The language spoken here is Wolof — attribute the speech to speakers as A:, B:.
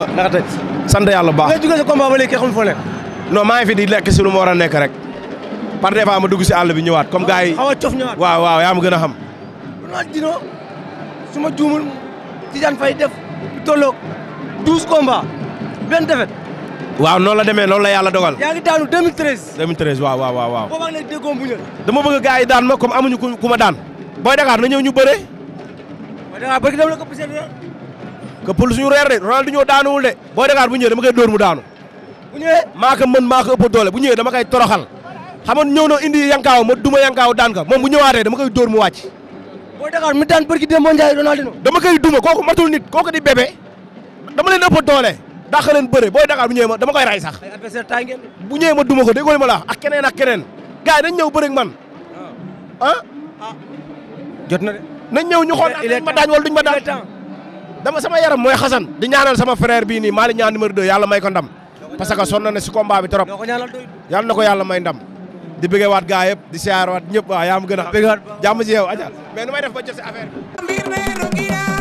A: ndax te sant yàlla bu baax. nga jógee sa combat ba léegi xam foo nekk. non maa ngi fi di lekk si lu ma war a nekk par des fois ma dugg si àll bi ñëwaat comme gars yi. xaw a cof ñëwaat waaw waaw yaa ma gën a xam. non dino su ma juumul Tidiane Faye def lu tolloog douze combats benn défaite. waaw noonu la demee noonu la yàlla dogal. yaa ngi daanu 2013. 2013 waaw waaw waaw waaw. boobaag léegi déggoo bu dama bëgg gars yi daan ma comme amuñu ku ma daan. booy Dakar na ñëw ñu bëree. booy këppul suñu reer de Ronaldinho daanuwul de Boy Dakar bu ñëwee dama kay dóor mu daanu bu ñëwee maa ko mën maa ko doole bu ñëwee dama koy toroxal xam nga ñëw na indi yankaaw ma duma yankaaw daan ka moom bu ñëwaatee dama koy dóor mu wàcc Boy Dakar mi daan barki Demba Ndiaye Ronaldinho dama koy duma kooku matul nit kooku di bébé dama leen ëpp doole dàq leen bëre booy Dakar bu ñëwee ma dama koy ray sax bu ñëwee ma duma ko déggoo ma la ak keneen ak keneen gars yi dañ ñëw bëre ak man ah. Ah? ah jot na de nañ ñëw ñu xool ma daañ wala duñ ma daañ dama sama yaram mooy xasan di ñaanal sama frère bii nii Malick Niang numéro 2 may ko ndam parce que sonn si combat bi trop yàlla na ko yàlla may ndam di bëggee waat gaa yëpp di siyaar waat ñëpp waa yaa ma gën a. bëgg waat jàmm ci yow Adja mais nu may def ba jot si